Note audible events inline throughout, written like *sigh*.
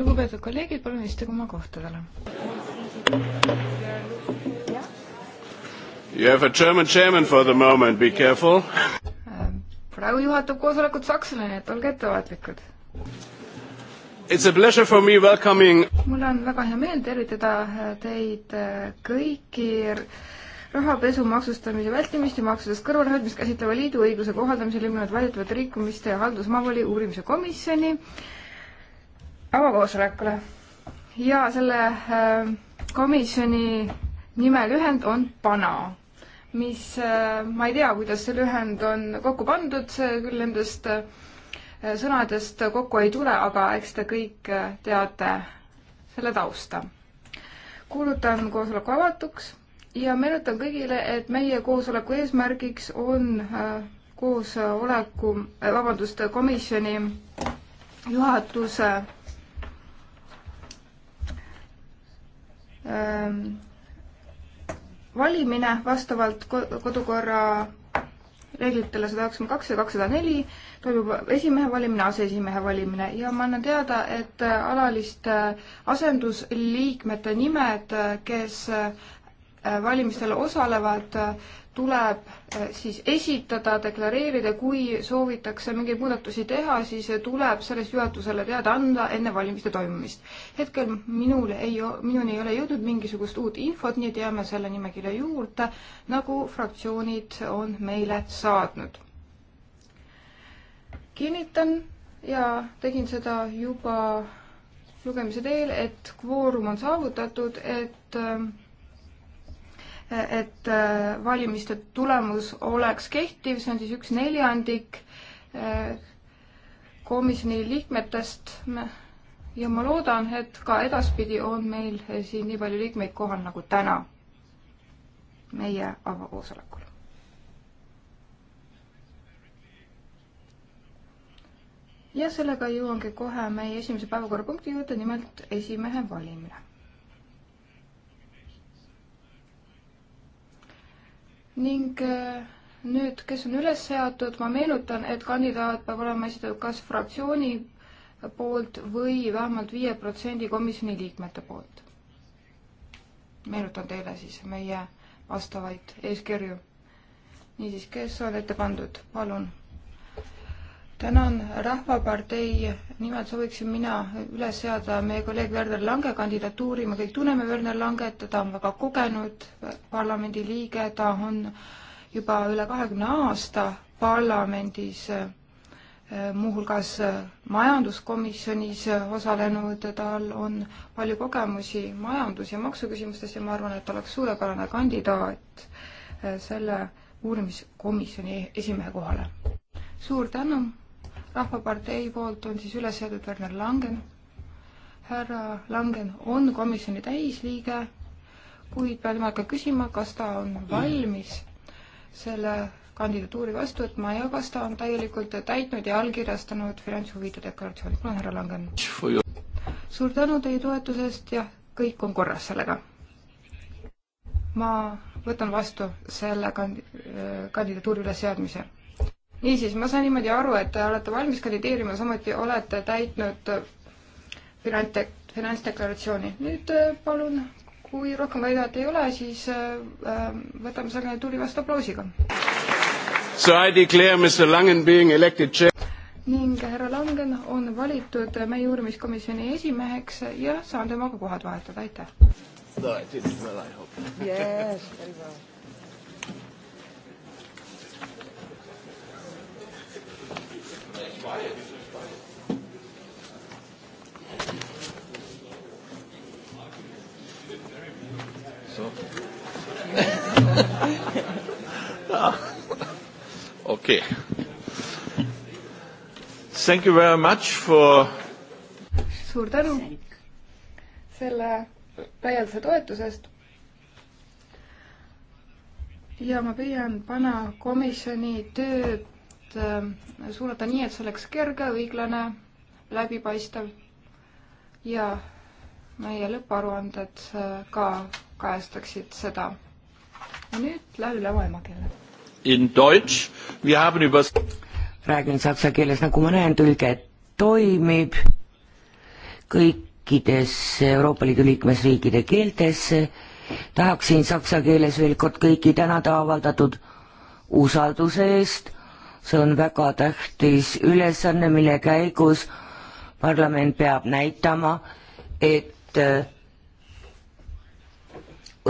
lugupeetud kolleegid, palun istuge oma kohtadele. You have a German chairman for the moment, be careful. praegu juhatab koosolekut sakslane, nii et olge ettevaatlikud. It's a pleasure for me welcoming mul on väga hea meel tervitada äh, teid äh, kõiki rahapesu maksustamise vältimist ja maksudest kõrvalhoidmist käsitleva liidu õiguse kohaldamisel ilmnenud väidetavate rikkumiste ja haldusmaavoli uurimise komisjoni avakoosolekule ja selle äh, komisjoni nime lühend on PANA, mis, äh, ma ei tea, kuidas see lühend on kokku pandud, küll nendest äh, sõnadest kokku ei tule, aga eks te kõik teate selle tausta. kuulutan koosoleku avatuks ja meenutan kõigile, et meie koosoleku eesmärgiks on koosoleku, vabandust, komisjoni juhatuse Ehm, valimine vastavalt kodukorra reeglitele sada üheksakümmend kaks ja kakssada neli toimub esimehe valimine, aseesimehe valimine ja ma annan teada, et äh, alaliste äh, asendusliikmete nimed, äh, kes valimistel osalevad, tuleb eh, siis esitada, deklareerida, kui soovitakse mingeid muudatusi teha, siis tuleb sellest juhatusele teada anda enne valimiste toimumist. hetkel minul ei, minuni ei ole jõudnud mingisugust uut infot, nii et jääme selle nimekirja juurde, nagu fraktsioonid on meile saatnud. kinnitan ja tegin seda juba lugemise teel, et kvoorum on saavutatud, et äh, et äh, valimiste tulemus oleks kehtiv, see on siis üks neljandik äh, komisjoni liikmetest ja ma loodan, et ka edaspidi on meil äh, siin nii palju liikmeid kohal nagu täna meie avakoosolekul. ja sellega jõuangi kohe meie esimese päevakorrapunkti juurde, nimelt esimehe valimine ning äh, nüüd, kes on üles seatud, ma meenutan, et kandidaat peab olema esitatud kas fraktsiooni poolt või vähemalt viie protsendi komisjoni liikmete poolt. meenutan teile siis meie vastavaid eeskirju. niisiis, kes on ette pandud, palun tänan, Rahvapartei nimel sooviksin mina üles seada meie kolleeg Werner Lange kandidatuuri, me kõik tunneme Werner Langet, ta on väga kogenud parlamendiliige, ta on juba üle kahekümne aasta parlamendis eh, muuhulgas majanduskomisjonis osalenud, tal on palju kogemusi majandus- ja maksuküsimustes ja ma arvan, et ta oleks suurepärane kandidaat eh, selle uurimiskomisjoni esimehe kohale. suur tänu! rahvapartei poolt on siis üles seatud Werner Langen. härra Langen on komisjoni täisliige, kuid pean temaga küsima, kas ta on valmis selle kandidatuuri vastu võtma ja kas ta on täielikult täitnud ja allkirjastanud finantshuvide deklaratsiooni. palun, härra Langen. suur tänu teie toetusest, jah, kõik on korras sellega. ma võtan vastu selle kandi-, kandidatuuri ülesseadmise niisiis, ma saan niimoodi aru, et te olete valmis kandideerima, samuti olete täitnud finante-, finantsdeklaratsiooni. nüüd äh, palun, kui rohkem väidajat ei ole, siis äh, võtame selle tuli vastu aplausiga. So I declare Mr Langen being elected chair ning härra Langen on valitud meie uurimiskomisjoni esimeheks ja saan temaga kohad vahetada, aitäh! No, I did well, I hope. yes, very well. So. *laughs* okay. Thank you very much for suur tänu selle laialdase toetuse eest. ja ma püüan panna komisjoni töö eelarvet äh, suunata nii, et see oleks kerge, õiglane, läbipaistev ja meie lõpparuanded äh, ka kajastaksid seda. ja nüüd lähen üle oma emakeele. In Deutsch, wir haben über räägin saksa keeles, nagu ma näen, tõlge toimib kõikides Euroopa Liidu liikmesriikide keeltes. tahaksin saksa keeles veel kord kõiki tänada avaldatud usalduse eest see on väga tähtis ülesanne, mille käigus parlament peab näitama, et äh,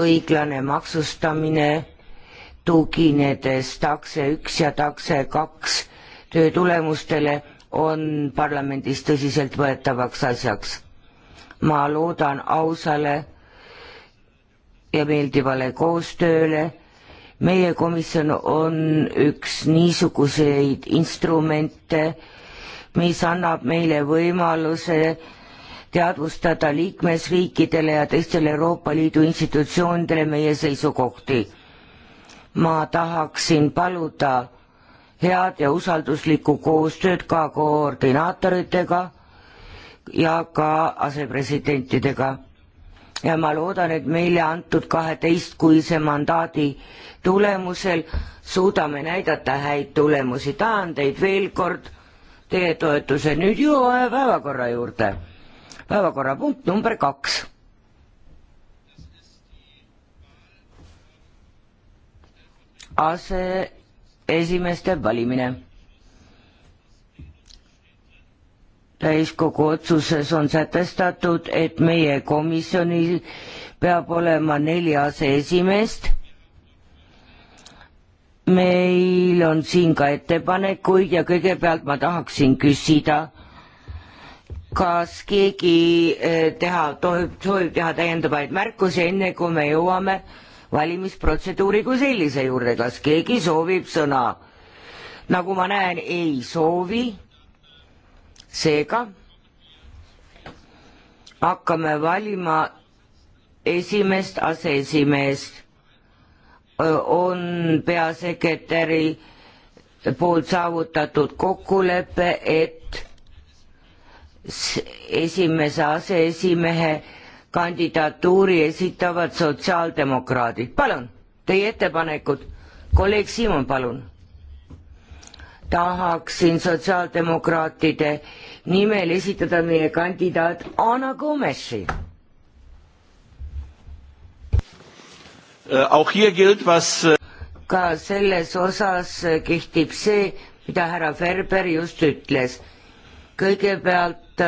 õiglane maksustamine tuginedes takse üks ja takse kaks töö tulemustele on parlamendis tõsiseltvõetavaks asjaks. ma loodan ausale ja meeldivale koostööle meie komisjon on üks niisuguseid instrumente, mis annab meile võimaluse teadvustada liikmesriikidele ja teistele Euroopa Liidu institutsioonidele meie seisukohti. ma tahaksin paluda head ja usalduslikku koostööd ka koordinaatoritega ja ka asepresidentidega ja ma loodan, et meile antud kaheteistkuise mandaadi tulemusel suudame näidata häid tulemusi. tahan teid veel kord teie toetuse, nüüd jõuame päevakorra juurde. päevakorrapunkt number kaks. aseesimeeste valimine täiskogu otsuses on sätestatud, et meie komisjonil peab olema neli aseesimeest. meil on siin ka ettepanekuid ja kõigepealt ma tahaksin küsida, kas keegi eh, teha, tohib, soovib teha täiendavaid märkusi, enne kui me jõuame valimisprotseduuri kui sellise juurde, kas keegi soovib sõna? nagu ma näen, ei soovi seega hakkame valima esimest aseesimeest. on peasekretäri poolt saavutatud kokkulepe, et esimese aseesimehe kandidatuuri esitavad sotsiaaldemokraadid. palun, teie ettepanekud. kolleeg Siimon, palun tahaksin sotsiaaldemokraatide nimel esitada meie kandidaat Ana Gomesi. Äh, äh, ka selles osas äh, kehtib see, mida härra Ferber just ütles. kõigepealt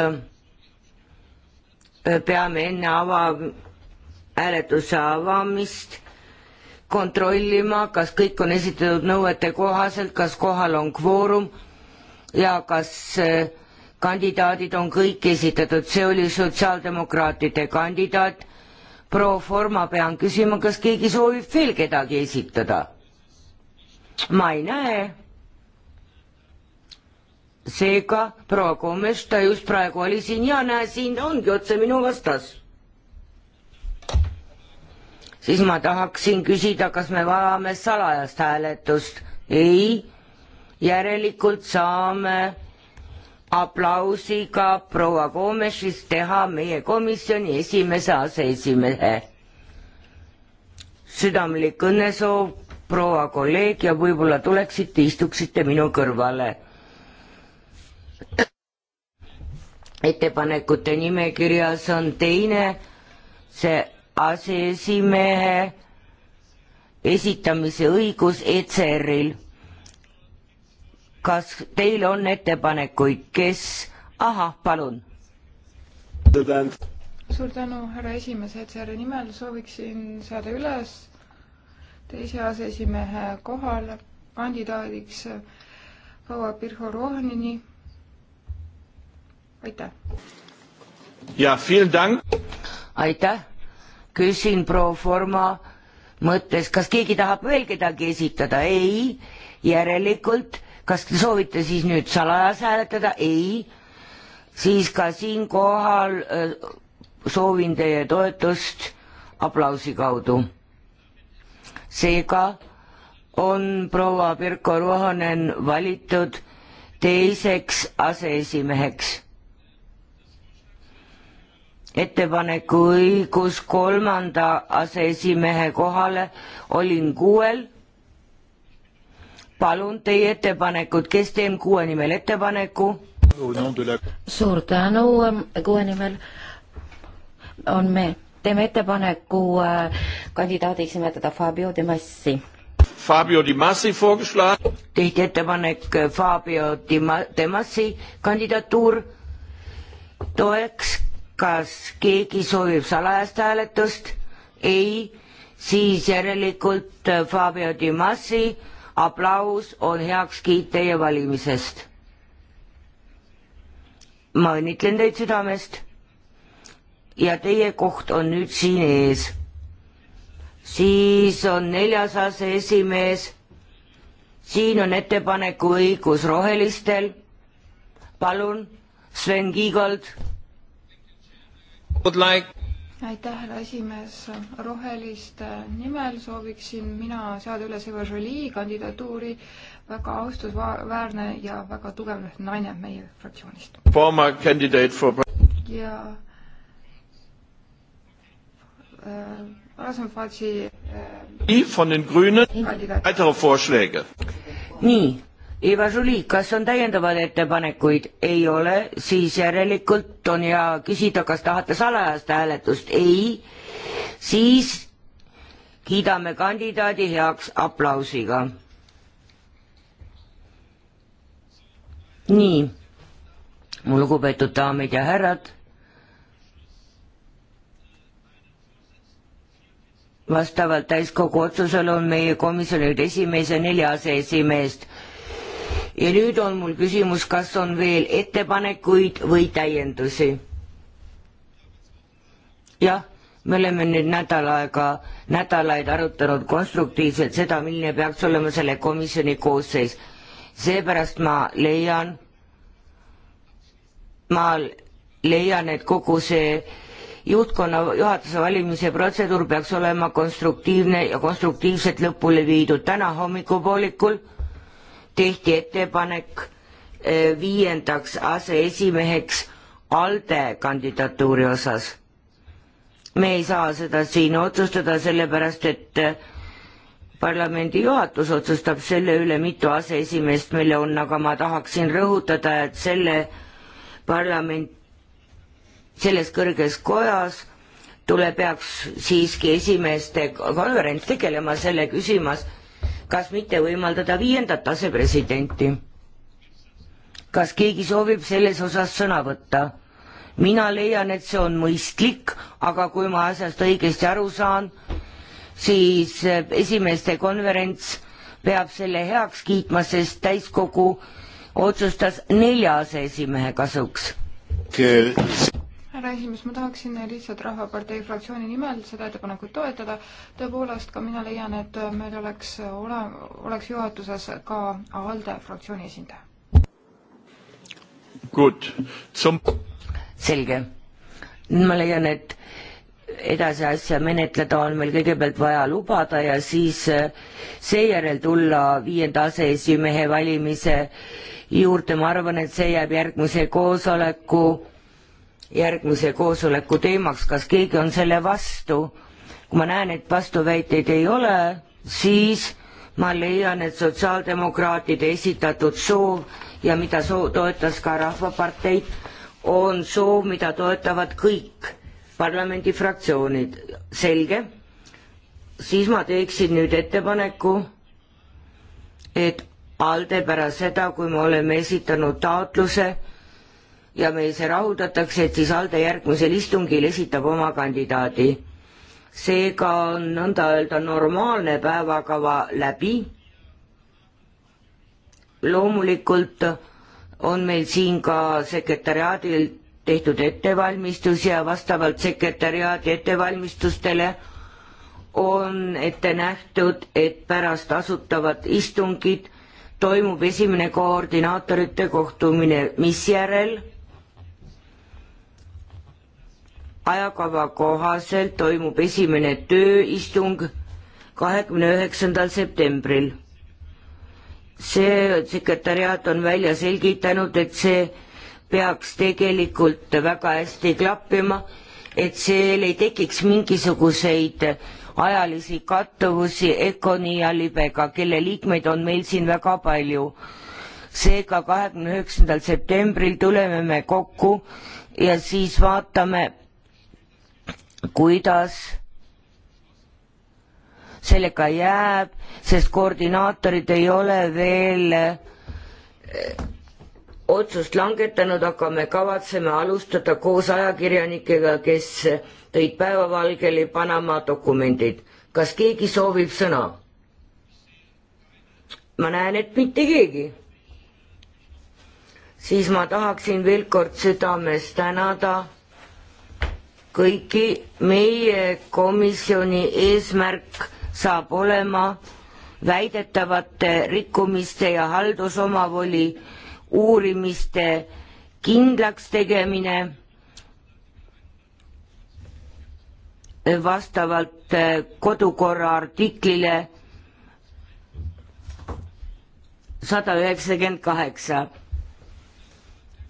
peame enne ava, hääletuse avamist kontrollima, kas kõik on esitatud nõuete kohaselt, kas kohal on kvoorum ja kas eh, kandidaadid on kõik esitatud, see oli sotsiaaldemokraatide kandidaat. pro forma pean küsima, kas keegi soovib veel kedagi esitada? ma ei näe. seega proua Komes, ta just praegu oli siin ja näe, siin ta ongi otse minu vastas siis ma tahaksin küsida, kas me vajame salajast hääletust. ei, järelikult saame aplausiga proua Koomešist teha meie komisjoni esimese aseesimehe. südamlik õnnesoov, proua kolleeg ja võib-olla tuleksite, istuksite minu kõrvale. ettepanekute nimekirjas on teine, see aseesimehe esitamise õigus ECR-il. kas teil on ettepanekuid, kes, ahah, palun. suur tänu, härra esimees, ECR-i nimel sooviksin seada üles teise aseesimehe kohale kandidaadiks proua Pirho Rohanini. aitäh. ja, aitäh küsin pro forma mõttes, kas keegi tahab veel kedagi esitada, ei, järelikult, kas te soovite siis nüüd salajas hääletada, ei, siis ka siinkohal äh, soovin teie toetust aplausi kaudu. seega on proua Pirko Ruohonen valitud teiseks aseesimeheks ettepaneku õigus kolmanda aseesimehe kohale olin kuuel. palun teie ettepanekut, kes teeb kuue nimel ettepaneku? suur tänu ähm, kuue nimel. on me, teeme ettepaneku äh, kandidaadiks nimetada Fabio De Massi. Fabio Di Massi vorgeschlagen. tehti ettepanek äh, Fabio Di Ma-, De Massi kandidatuur toeks kas keegi soovib salajast hääletust? ei, siis järelikult äh, Fabio Di Massi aplaus on heakskiit teie valimisest. ma õnnitlen teid südamest. ja teie koht on nüüd siin ees. siis on neljas aseesimees. siin on ettepaneku õigus rohelistel. palun, Sven Kiigold Like... aitäh, härra esimees. roheliste nimel sooviksin mina seada üles Eva Jolie kandidatuuri, väga austusväärne ja väga tugev naine meie fraktsioonist. For... ja Rasmus äh, Fatsi äh, von den Grünen weitere Vorschläge. nii, Iva Žuli, kas on täiendavaid ettepanekuid? ei ole, siis järelikult on hea küsida, kas tahate salajast hääletust? ei, siis kiidame kandidaadi heaks aplausiga. nii, mu lugupeetud daamid ja härrad, vastavalt täiskogu otsusele on meie komisjoni esimees ja neli aseesimeest ja nüüd on mul küsimus, kas on veel ettepanekuid või täiendusi? jah, me oleme nüüd nädal aega, nädalaid arutanud konstruktiivselt seda, milline peaks olema selle komisjoni koosseis. seepärast ma leian, ma leian, et kogu see juhtkonna juhatuse valimise protseduur peaks olema konstruktiivne ja konstruktiivselt lõpule viidud täna hommikupoolikul tehti ettepanek eh, viiendaks aseesimeheks ALDE kandidatuuri osas. me ei saa seda siin otsustada, sellepärast et eh, parlamendi juhatus otsustab selle üle, mitu aseesimeest meil on, aga ma tahaksin rõhutada, et selle parlament, selles kõrges kojas tule, peaks siiski esimeeste konverents tegelema selle küsimas kas mitte võimaldada viiendat asepresidenti? kas keegi soovib selles osas sõna võtta? mina leian, et see on mõistlik, aga kui ma asjast õigesti aru saan, siis eh, esimeeste konverents peab selle heaks kiitma, sest täiskogu otsustas nelja aseesimehe kasuks härra esimees, ma tahaksin lihtsalt Rahvapartei fraktsiooni nimel seda ettepanekut toetada. tõepoolest, ka mina leian, et meil oleks ole, oleks juhatuses ka ALDE fraktsiooni esindaja. selge. ma leian, et edasi asja menetleda on meil kõigepealt vaja lubada ja siis äh, seejärel tulla viienda aseesimehe valimise juurde, ma arvan, et see jääb järgmise koosoleku järgmise koosoleku teemaks, kas keegi on selle vastu. kui ma näen, et vastuväiteid ei ole, siis ma leian, et sotsiaaldemokraatide esitatud soov ja mida soo-, toetas ka Rahvapartei, on soov, mida toetavad kõik parlamendifraktsioonid, selge, siis ma teeksin nüüd ettepaneku, et ALDE pärast seda, kui me oleme esitanud taotluse ja meil see rahuldatakse, et siis Alde järgmisel istungil esitab oma kandidaadi. seega on nõnda öelda normaalne päevakava läbi. loomulikult on meil siin ka sekretäriaadil tehtud ettevalmistus ja vastavalt sekretäriaadi ettevalmistustele on ette nähtud, et pärast asutavat istungit toimub esimene koordinaatorite kohtumine, misjärel ajakava kohaselt toimub esimene tööistung kahekümne üheksandal septembril. see sekretäriaat on välja selgitanud, et see peaks tegelikult väga hästi klappima, et seal ei tekiks mingisuguseid ajalisi kattuvusi Econi ja Libega, kelle liikmeid on meil siin väga palju. seega kahekümne üheksandal septembril tuleme me kokku ja siis vaatame kuidas sellega jääb, sest koordinaatorid ei ole veel eh, otsust langetanud, aga me kavatseme alustada koos ajakirjanikega, kes tõid päevavalgele Panama dokumendid. kas keegi soovib sõna? ma näen, et mitte keegi. siis ma tahaksin veel kord südamest tänada kõiki, meie komisjoni eesmärk saab olema väidetavate rikkumiste ja haldusomavoli uurimiste kindlaks tegemine vastavalt äh, kodukorra artiklile sada üheksakümmend kaheksa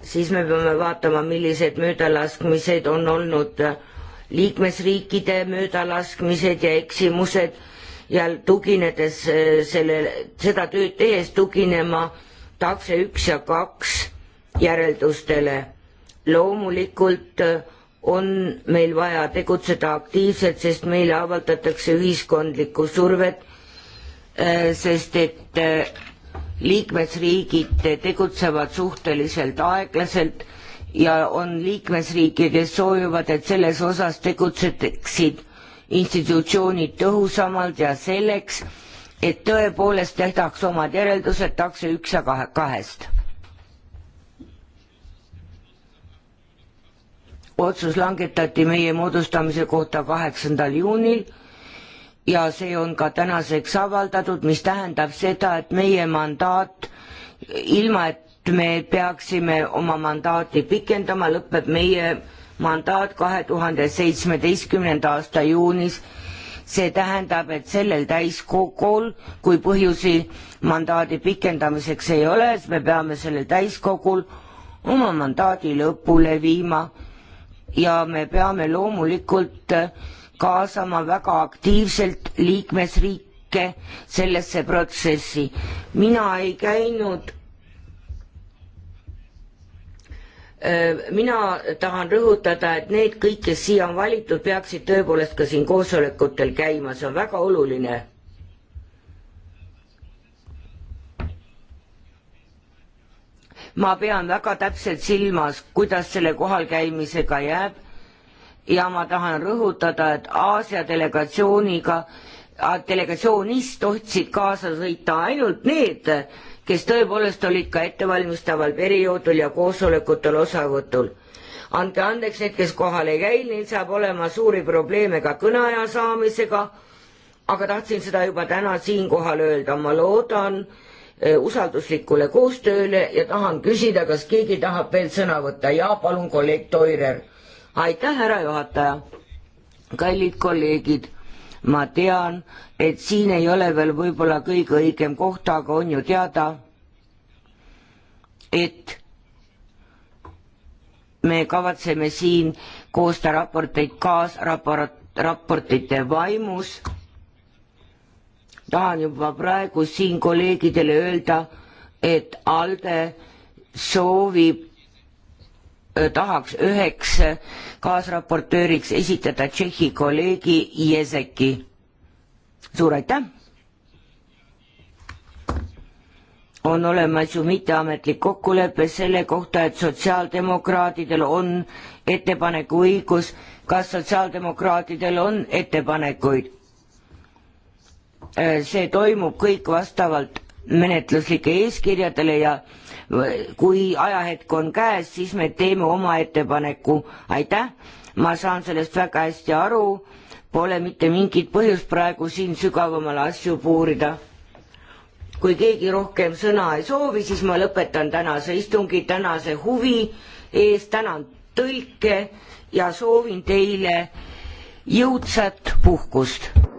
siis me peame vaatama, millised möödalaskmised on olnud äh, liikmesriikide möödalaskmised ja eksimused ja tuginedes äh, selle, seda tööd tehes tuginema takse üks ja kaks järeldustele. loomulikult äh, on meil vaja tegutseda aktiivselt, sest meile avaldatakse ühiskondlikku survet, sest et liikmesriigid tegutsevad suhteliselt aeglaselt ja on liikmesriike, kes soovivad, et selles osas tegutseksid institutsioonid tõhusamalt ja selleks, et tõepoolest tehtaks omad järeldused takse üks ja kahe, kahest. otsus langetati meie moodustamise kohta kaheksandal juunil ja see on ka tänaseks avaldatud, mis tähendab seda, et meie mandaat, ilma et me peaksime oma mandaati pikendama, lõpeb meie mandaat kahe tuhande seitsmeteistkümnenda aasta juunis. see tähendab, et sellel täiskogul, kui põhjusi mandaadi pikendamiseks ei ole, siis me peame sellel täiskogul oma mandaadi lõpule viima ja me peame loomulikult kaasama väga aktiivselt liikmesriike sellesse protsessi. mina ei käinud äh, mina tahan rõhutada, et need kõik, kes siia on valitud, peaksid tõepoolest ka siin koosolekutel käima, see on väga oluline. ma pean väga täpselt silmas, kuidas selle kohalkäimisega jääb ja ma tahan rõhutada, et Aasia delegatsiooniga, delegatsioonist tohtsid kaasa sõita ainult need, kes tõepoolest olid ka ettevalmistaval perioodil ja koosolekutel osavõtul. andke andeks, need, kes kohale ei käinud, neil saab olema suuri probleeme ka kõneaja saamisega, aga tahtsin seda juba täna siinkohal öelda, ma loodan e, usalduslikule koostööle ja tahan küsida, kas keegi tahab veel sõna võtta ja palun kolleeg Toirer aitäh, härra juhataja. kallid kolleegid, ma tean, et siin ei ole veel võib-olla kõige õigem koht, aga on ju teada, et me kavatseme siin koostada raporteid kaasraport, raportite vaimus. tahan juba praegu siin kolleegidele öelda, et ALDE soovib tahaks üheks kaasraportööriks esitada Tšehhi kolleegi Jezeki. suur aitäh! on olemas ju mitteametlik kokkulepe selle kohta, et sotsiaaldemokraadidel on ettepaneku õigus, kas sotsiaaldemokraatidel on ettepanekuid? Äh, see toimub kõik vastavalt menetluslike eeskirjadele ja kui ajahetk on käes, siis me teeme oma ettepaneku, aitäh, ma saan sellest väga hästi aru, pole mitte mingit põhjust praegu siin sügavamale asju puurida. kui keegi rohkem sõna ei soovi, siis ma lõpetan tänase istungi, tänase huvi eest, tänan tõlke ja soovin teile jõudsat puhkust.